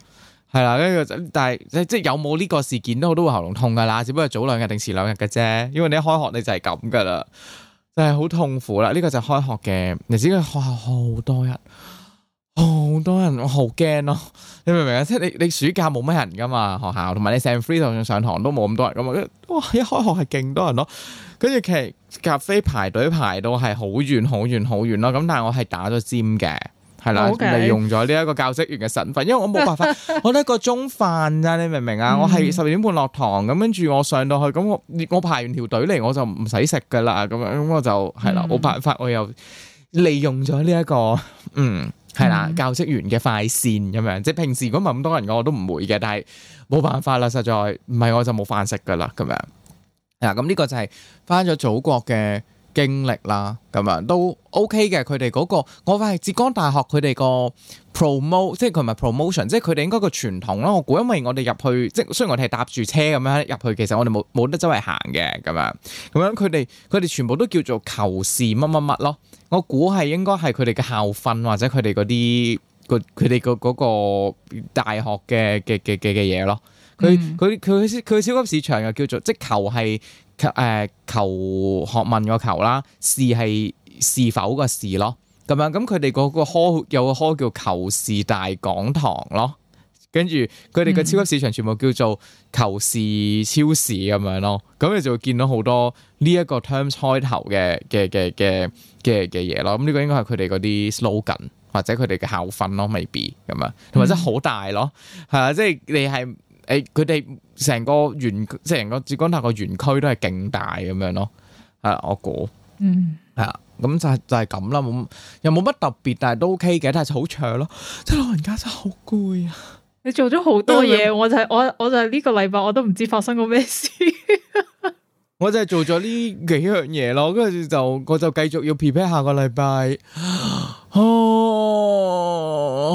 係、嗯、啦，跟個但係即係有冇呢個事件都好都會喉嚨痛噶啦，只不過早兩日定遲兩日嘅啫，因為你一開學你就係咁噶啦，就係、是、好痛苦啦，呢、這個就係開學嘅，你而且學校好多日。哦，好多人我好驚咯，你明唔明啊？即係你你暑假冇乜人噶嘛，學校同埋你 free, 上 free 就算上堂都冇咁多人噶嘛。哇！一開學係勁多人咯，跟住其實咖啡排隊排到係好遠好遠好遠咯。咁但係我係打咗尖嘅，係啦，Okay. 利用咗呢一個教職員嘅身份，因為我冇辦法，我得一個鐘飯咋，你明唔明啊？我係十二點半落堂咁，跟住我上到去咁，我我排完條隊嚟我就唔使食噶啦，咁樣咁我就係啦，冇辦法我又利用咗呢一個嗯。係啦， 教職員嘅快線咁樣，即係平時如果唔係咁多人嘅，我都唔會嘅。但係冇辦法啦，實在唔係我就冇飯食噶啦咁樣。 啊，咁、這、呢個就係翻咗祖國嘅。經歷啦，咁樣都 OK 嘅。佢哋嗰個，我覺得係浙江大學佢哋個 promote，即係佢咪 promotion，即係佢哋應該個傳統咯。我估，因為我哋入去，即係雖然我哋係搭住車咁樣入去，其實我哋冇冇得周圍行嘅咁樣。咁樣佢哋佢哋全部都叫做求是乜乜乜咯。我估係應該係佢哋嘅校訓或者佢哋嗰啲佢哋個嗰個大學嘅嘅嘅嘅嘢咯。佢佢佢佢佢超級市場又叫做即係求是。求求學問個求啦，是係是否個是咯，咁樣咁佢哋嗰個科有個科叫求是大講堂咯，跟住佢哋嘅超級市場全部叫做求是超市咁樣咯，咁你就會見到好多呢一個 terms 開頭嘅嘅嘅嘅嘅嘅嘢咯，咁呢個應該係佢哋嗰啲 slogan 或者佢哋嘅校訓咯，未必 maybe 咁啊，同埋真係好大咯，係啊，即係你係誒佢哋。欸成個園，成個浙江塔個園區都係勁大咁樣咯，係我估，嗯，係啊，咁就就係咁啦，冇，又冇乜特別，但係都 OK 嘅，但係就好長咯，即係老人家真係好攰啊！你做咗好多嘢，就係，我就係我，我就係呢個禮拜我都唔知發生過咩事。 我就係做咗呢幾樣嘢咯，跟住就我就繼續要 prepare 下個禮拜。哦，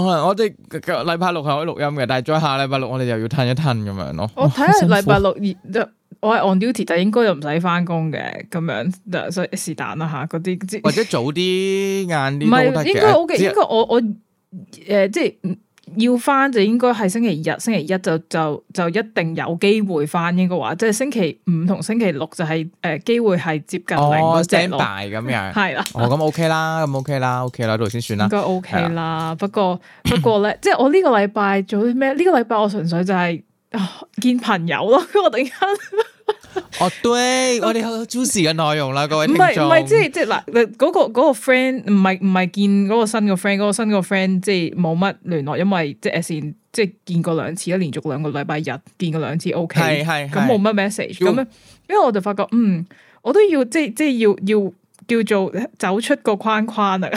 我我哋禮拜六係可以錄音嘅，但係再下禮拜六我哋又要褪一褪咁樣咯。我睇下禮拜六熱，我係 on duty，但係應該又唔使翻工嘅咁樣，所以是但啦吓，嗰啲或者早啲晏啲都得嘅。唔係，應該，okay，應該我只我誒、呃，即係要翻就應該係星期日，星期一就就就一定有機會翻應該話，即係星期五同星期六就係、是、誒、呃、機會係接近零只落咁樣，係啦、 哦，哦咁 OK 啦，咁 OK 啦，OK 啦，到時、OK、先算啦，應該 OK 啦。啦，不過不過咧， 即係我呢個禮拜做啲咩？呢、這個禮拜我純粹就係、是、見朋友咯，我突然間。 哦，對我哋 好 juicy 嘅內容啦，各位聽眾，唔係唔係，即係即係嗱，嗰個嗰個 friend 唔係唔係見嗰個新嘅 friend，嗰個新嘅 friend 即係冇乜聯絡，因為即係先即係見過兩次，一連續兩個禮拜日見過兩次，OK，咁冇乜 message，咁因為我就發覺，嗯，我都要即係即係要要。要叫做走出個框框啊！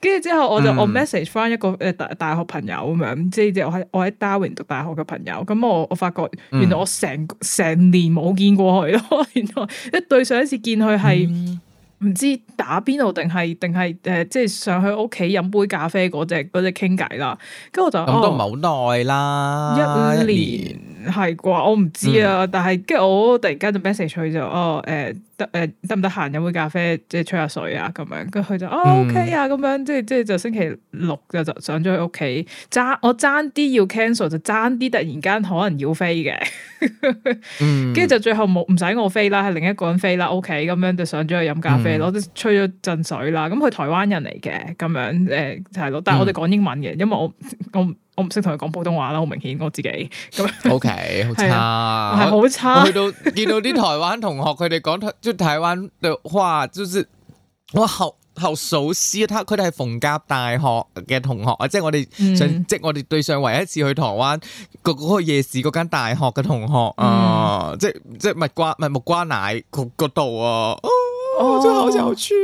跟住之後我就、嗯、我 message 翻一個誒大大學朋友咁樣，即係即我喺我喺 Darwin 讀大學嘅朋友。咁我我發覺，原來我成成、嗯、年冇見過佢咯。原來一對上一次見佢係唔知打邊度定係定係誒，即係、呃就是、上去屋企飲杯咖啡嗰隻嗰隻傾偈啦。咁我就咁都唔係好耐啦，一年。一年係啩，我唔知啊，但係跟住我突然間就 message 佢就哦，誒、呃、得誒、呃、得唔得閒飲杯咖啡，即係吹下水啊咁樣，跟住佢就哦 OK 啊，咁樣即係即係就星期六就就上咗去屋企，爭我爭啲要 cancel 就爭啲，突然間可能要飛嘅，跟 住就最後冇唔使我飛啦，係另一個人飛啦，O K 咁樣就上咗去飲咖啡，嗯、我都吹咗陣水啦，咁佢台灣人嚟嘅，咁樣誒係咯，但係我哋講英文嘅，因為我我。我我唔識同佢講普通話啦，好明顯我自己咁。OK，好差，係好 差。我我去到見到啲台灣同學，佢哋講台即係台灣話，就是哇后后數師，他佢哋係逢甲大學嘅同學啊，即係我哋上、嗯、即係我哋對上唯一一次去台灣個嗰夜市嗰間大學嘅同學啊，嗯、即即係蜜瓜唔係木瓜奶嗰度啊。哦，真好有趣。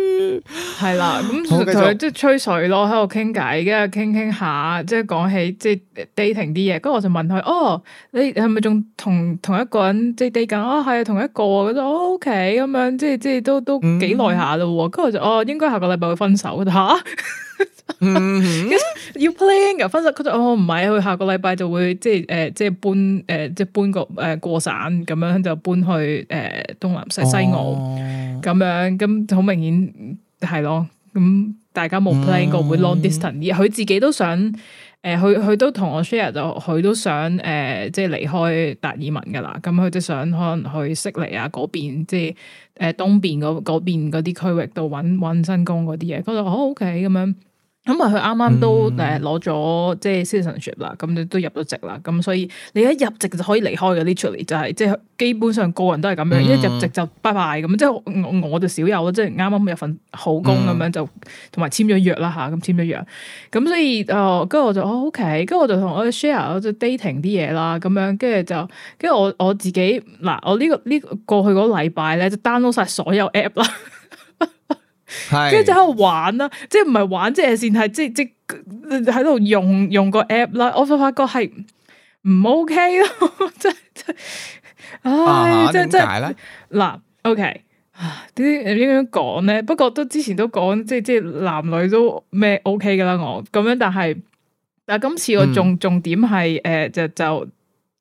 係啦，咁佢即係吹水咯，喺度傾偈，跟住傾傾下，即係講起即係 dating 啲嘢。跟住我就問佢：哦，你係咪仲同同一個人即係 date 緊啊？哦，係啊，同一個。覺得 OK 咁樣，即係即係都都幾耐下啦。跟住，嗯，我就哦，應該下個禮拜會分手吓？ 要 plan 噶，分手佢就哦唔係，佢下個禮拜就會即係誒，即係搬誒，即係搬個誒過省咁樣就搬去誒東南西西澳咁樣，咁好明顯係咯，咁大家冇 plan 過會 long distance，而佢自己都想誒，佢佢都同我 share 就佢都想誒，即係離開達爾文噶啦，咁佢都想可能去悉尼啊嗰邊，即係誒東邊嗰嗰邊嗰啲區域度揾揾新工嗰啲嘢，佢就好 OK 咁樣。咁啊，佢啱啱都誒攞咗即係 citizenship 啦，咁都都入咗籍啦，咁所以你一入籍就可以離開嘅 literally，就係即係基本上個人都係咁樣，一、嗯、入籍就拜拜咁，即係我我就少有咯，即係啱啱有份好工咁樣、嗯、就同埋簽咗約啦吓，咁簽咗約，咁所以誒，跟、哦、住我就哦 OK，跟住我就同我 share 我啲 dating 啲嘢啦，咁樣跟住就跟住我我自己嗱，我呢、呢個呢、呢個、過去嗰禮拜咧就 download 晒所有 app 啦。跟住就喺度玩啦，即係唔係玩，即係先係即即喺度用用個 app 啦。我發覺係唔 OK 咯，即係，即係，唉，即係咧嗱，OK 啊，啲、OK，點樣講咧？不過都之前都講，即係即係男女都咩 OK 噶啦，我咁樣，但係但今次個重重點係誒就就。嗯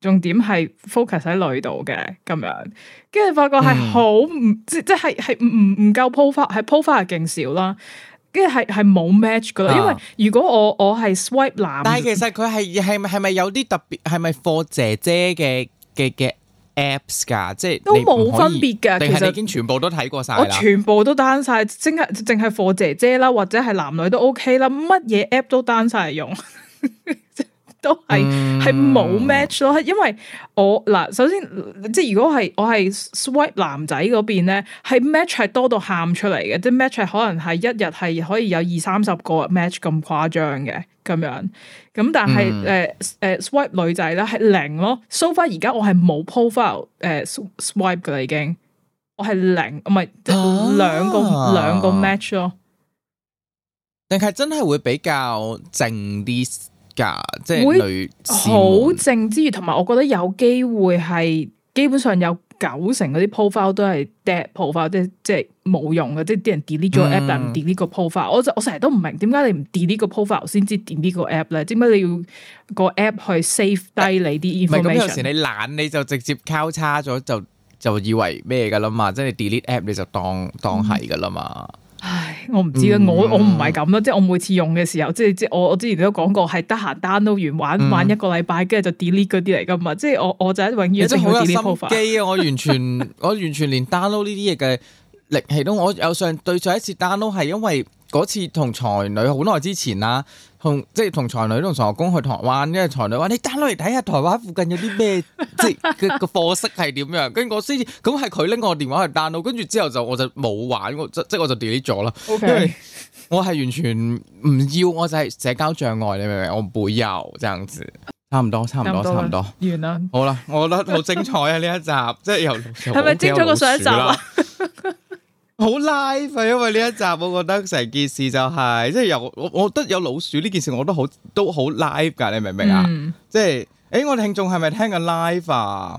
重點係 focus 喺女度嘅，咁樣，跟住發覺係好唔即即係係唔唔唔夠 profile，係 profile 係勁少啦，跟住係係冇 match 噶啦。因為如果我我係 swipe 男，但係其實佢係係係咪有啲特別？係咪 for 姐姐嘅嘅嘅 apps 噶？App 即係都冇分別噶，其實已經全部都睇過晒，我全部都 down 晒，淨係 for 姐姐啦，或者係男女都 OK 啦，乜嘢 app 都 down 晒用。 都係係冇 match 咯，因為我嗱首先即係如果係我係 swipe 男仔嗰邊咧，係 match 係多到喊出嚟嘅，即係 match 係可能係一日係可以有二三十個 match 咁誇張嘅咁樣，咁但係誒誒 swipe 女仔咧係零咯，So far 而家我係冇 profile 誒、uh, swipe 噶啦已經，我係零唔係兩個兩個 match 咯，但係真係會比較靜啲。噶，即係好正之餘，同埋我覺得有機會係基本上有九成嗰啲 profile 都係 dead profile，即係冇用嘅，即係啲人 delete 咗 app，但唔 delete 個 profile。我就我成日都唔明，點解你唔 delete 個 profile 先至 delete 個 app 咧？點解你要個 app 去 save 低你啲 information，咁有時你懶，你就直接交叉咗，就就以為咩噶啦嘛？即係你 delete app，你就當當係噶啦嘛？嗯唉，我唔知啦、嗯，我我唔係咁啦，即係我每次用嘅時候，即係即係我我之前都講過係得閒 download 完玩、嗯、玩一個禮拜，跟住就 delete 嗰啲嚟噶嘛，即係我我就係永遠都 delete。即好有心機啊 我！我完全我完全連 download 呢啲嘢嘅力氣都，我有上對上一次 download 係因為嗰次同才女好耐之前啦、啊。同即係同才女同傻學公去台灣，因為才女話你 download 嚟睇下台灣附近有啲咩，即係個個貨色係點樣。跟住我先至，咁係佢拎我電話去 download，跟住之後就我就冇玩，即即係我就 delete 咗啦。Okay. 因為我係完全唔要，我就係社交障礙，你明唔明？我唔會有，這樣子，差唔多，差唔多，差唔多。多完啦。好啦，我覺得好精彩啊！呢一集即係又係咪精彩過上一集啊？ 好 live 啊！因為呢一集，我覺得成件事就係、是，即係由我，我覺得有老鼠呢件事，我都好都好 live 噶，你明唔明、嗯欸、啊？即係，誒，我哋聽眾係咪聽緊 live 啊？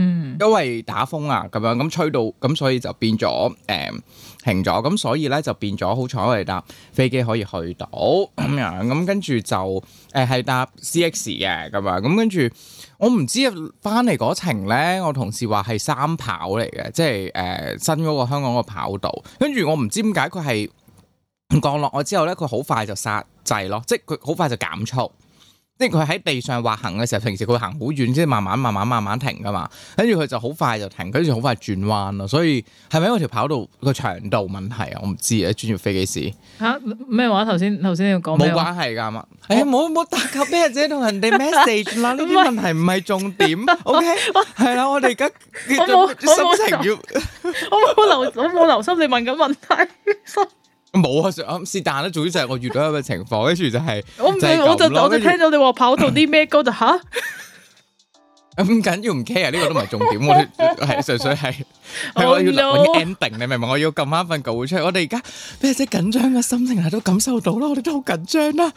嗯，因為打風啊咁樣，咁吹到咁，所以就變咗誒、呃、停咗，咁所以咧就變咗好彩，我哋搭飛機可以去到咁樣，咁跟住就誒係、呃、搭 CX 嘅咁啊，咁跟住我唔知翻嚟嗰程咧，我同事話係三跑嚟嘅，即係誒、呃、新嗰個香港個跑道，跟住我唔知點解佢係降落咗之後咧，佢好快就煞掣咯，即係佢好快就減速。即係佢喺地上滑行嘅時候，平時佢行好遠，即係慢慢慢慢慢慢停噶嘛，跟住佢就好快就停，跟住好快轉彎咯。所以係咪因為條跑道個長度問題啊？我唔知啊，專業飛機師吓咩話？頭先頭先你講咩？冇關係噶嘛？哎冇冇打救咩啫同人哋 message 啦，呢啲 問題唔係重點。OK，係啦，我哋而家心情要我冇留，我冇留心你問緊問題。 冇啊，是但啦，總之就係我遇到一個情況，跟住 就係、是，我就，我就後我就聽到你話跑到啲咩歌就吓。 咁緊要唔 care 啊？呢個都唔係重點喎，係純粹係係我要揾啲 ending，你明唔明？我要撳返份稿出嚟。我哋而家咩啫？緊張嘅心情大家都感受到啦，我哋都好緊張啦。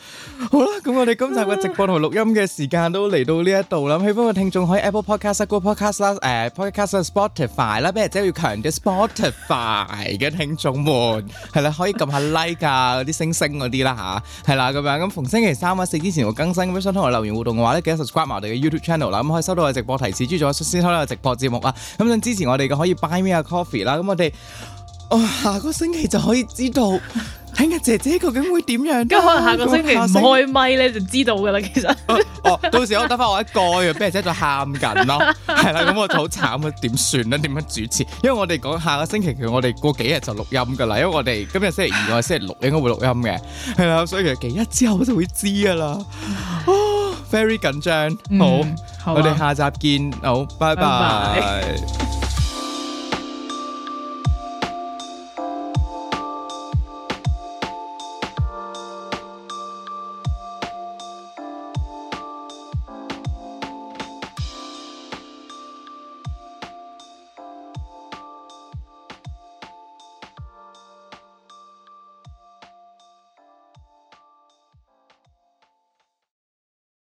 好啦，咁我哋今集嘅直播同錄音嘅時間都嚟到呢一度啦。希望個聽眾喺 Apple Podcast 啦、Google Podcast 啦、誒 Podcast 啦、Spotify 啦，咩啫？要強啲 Spotify 嘅聽眾們，係啦，可以撳下 like 啊，啲星星嗰啲啦嚇，係啦咁樣。咁逢星期三或者四之前會更新，咁想同我留言互動嘅話咧，記得 subscribe 埋我哋嘅 YouTube channel 啦，咁可以收到。直播提示，跟咗率先開個直播節目啊！咁想支持我哋嘅，可以 buy me a coffee 啦！咁我哋下個星期就可以知道。睇下姐姐究竟會點樣，啊？咁可能下個星期開咪咧，就知道噶啦。其實 哦，哦，到時我得翻我一個，俾人仔在喊緊啦。係啦， 咁我就好慘啦，點算咧？點樣主持？因為我哋講下個星期，我哋過幾日就錄音噶啦。因為我哋今日星期二，我 星期六應該會錄音嘅。係啦，所以其實幾日之後我就會知噶啦。哦，very 緊張。好，嗯好啊，我哋下集見。好，拜拜。Bye bye